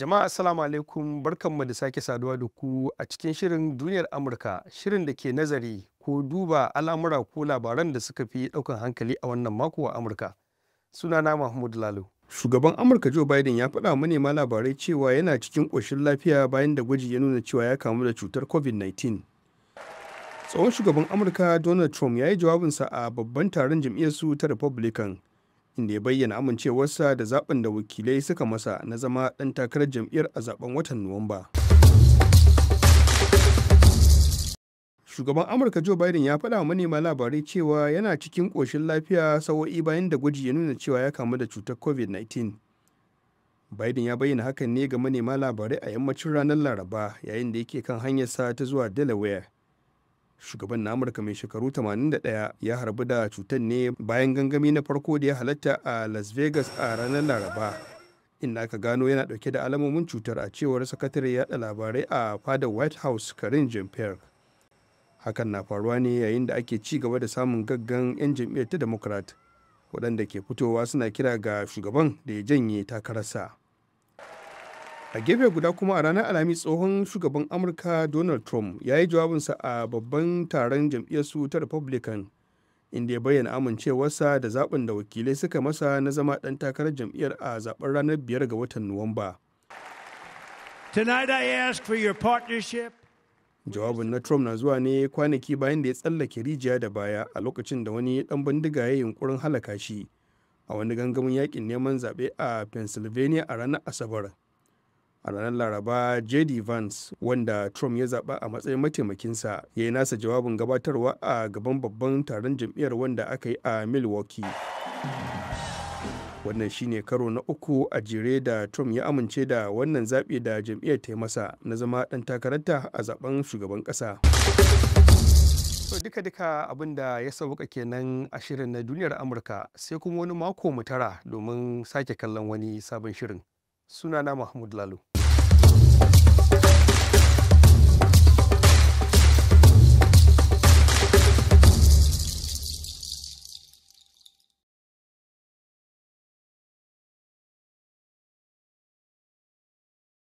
Jama'a assalamu alaikum barkanmu da sake saduwa da ku a cikin shirin duniyar Amurka shirin da ke nazari ko duba al'amura ko labaran da suka fi ɗaukan hankali a wannan mako a Amurka. Sunana Mahmud Lalo. Shugaban Amurka Joe Biden ya faɗa manema labarai cewa yana cikin ƙoshin lafiya bayan da gwaji ya nuna cewa ya kamu da cutar COVID-19. Tsohon shugaban Amurka Donald Trump ya yi jawabinsa a babban taron jam'iyyarsu ta Republican inda ya bayyana amincewarsa da zaben da wakilai suka masa na zama ɗan takarar jam'iyyar a zaben watan Nuwamba. Shugaban Amurka Joe Biden ya faɗa manema labarai cewa yana cikin ƙoshin lafiya sawo'i bayan da gwaji ya nuna cewa ya kamu da cutar COVID-19. Biden ya bayyana hakan ne ga manema labarai a yammacin ranar Laraba yayin da yake kan hanyarsa ta zuwa Delaware. shugaban na amurka mai shekaru 81 ya harbu da cutar ne bayan gangami na farko da ya halatta a las vegas a ranar laraba inda aka gano yana dauke da alamomin cutar a cewar sakatare yada labarai a fadar white house karin jean hakan na faruwa ne yayin da ake ci gaba da samun gaggan 'yan jam'iyyar ta democrat waɗanda ke fitowa suna kira ga shugaban da ya janye takararsa a gefe guda kuma a ranar alhamis tsohon shugaban amurka donald trump ya yi jawabinsa a babban taron jam'iyyarsu ta republican inda ya bayyana amincewarsa da zaben da wakilai suka masa na zama ɗan takarar jam'iyyar a zaben ranar biyar ga watan nuwamba jawabin na trump na zuwa ne kwanaki bayan da ya tsallake rijiya da baya a lokacin da wani ɗan bindiga ya yunkurin halaka shi a wani gangamin yakin neman zaɓe a pennsylvania a ranar asabar a ranar laraba jd vance wanda trump ya zaba a matsayin mataimakinsa ya yi nasa jawabin gabatarwa a gaban babban taron jam'iyyar wanda aka yi a milwaukee wannan shine karo na uku a jere da trump ya amince da wannan zaɓe da jam'iyyar ta masa na zama ɗan takararta a zaben shugaban ƙasa so duka-duka abin ya sauka kenan a shirin na duniyar amurka sai kuma wani mako mu tara domin sake kallon wani sabon shirin sunana mahmud lalu.